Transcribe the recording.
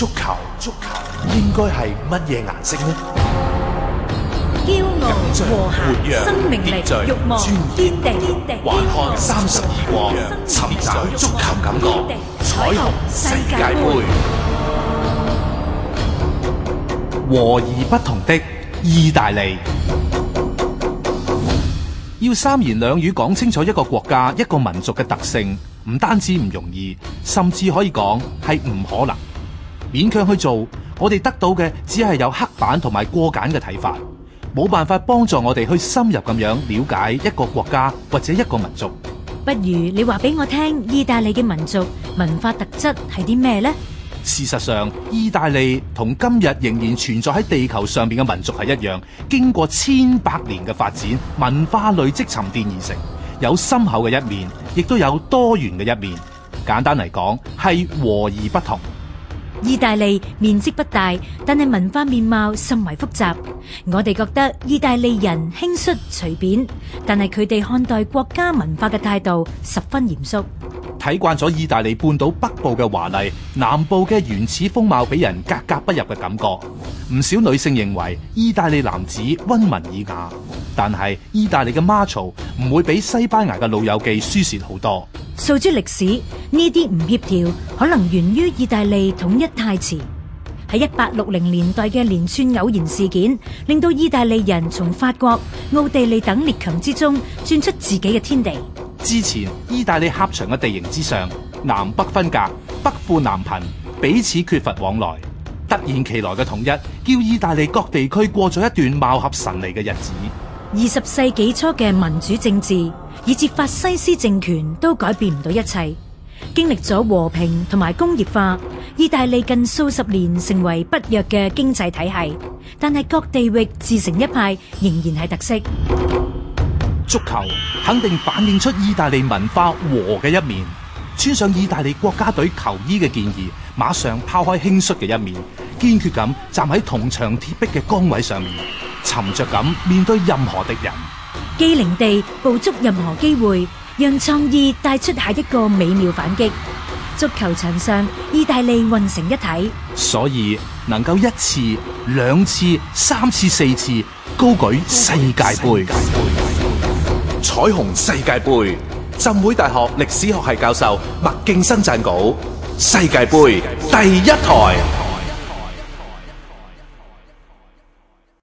足球，足球應該係乜嘢顏色呢？驕傲、和諧、生命力、慾望、天地、還看三十二國，尋找足球感覺，彩虹世界杯，和而不同的意大利。要三言兩語講清楚一個國家、一個民族嘅特性，唔單止唔容易，甚至可以講係唔可能。勉強去做，我哋得到嘅只係有刻板同埋過簡嘅睇法，冇辦法幫助我哋去深入咁樣了解一個國家或者一個民族。不如你話俾我聽，意大利嘅民族文化特質係啲咩呢？事實上，意大利同今日仍然存在喺地球上邊嘅民族係一樣，經過千百年嘅發展，文化累積沉澱而成，有深厚嘅一面，亦都有多元嘅一面。簡單嚟講，係和而不同。意大利面積不大，但係文化面貌甚為複雜。我哋覺得意大利人輕率隨便，但係佢哋看待國家文化嘅態度十分嚴肅。睇慣咗意大利半島北部嘅華麗，南部嘅原始風貌俾人格格不入嘅感覺。唔少女性認為意大利男子溫文爾雅，但係意大利嘅馬槽唔會比西班牙嘅老友記舒適好多。訴諸歷史，呢啲唔協調可能源於意大利統一太遲。喺一八六零年代嘅連串偶然事件，令到意大利人從法國、奧地利等列強之中轉出自己嘅天地。之前意大利狹長嘅地形之上，南北分隔，北富南貧，彼此缺乏往來。突然其來嘅統一，叫意大利各地區過咗一段貌合神離嘅日子。二十世紀初嘅民主政治，以至法西斯政權都改變唔到一切。經歷咗和平同埋工業化，意大利近數十年成為不弱嘅經濟體系。但係各地域自成一派，仍然係特色。足球肯定反映出意大利文化和嘅一面。穿上意大利國家隊球衣嘅建議，馬上拋開輕率嘅一面。堅決咁站喺銅牆鐵壁嘅崗位上面，沉着咁面對任何敵人，機靈地捕捉任何機會，讓創意帶出下一個美妙反擊。足球場上，意大利混成一體，所以能夠一次、兩次、三次、四次高舉世界盃。彩虹世界盃，浸會大學歷史學系教授麥敬生撰稿。世界盃第一台。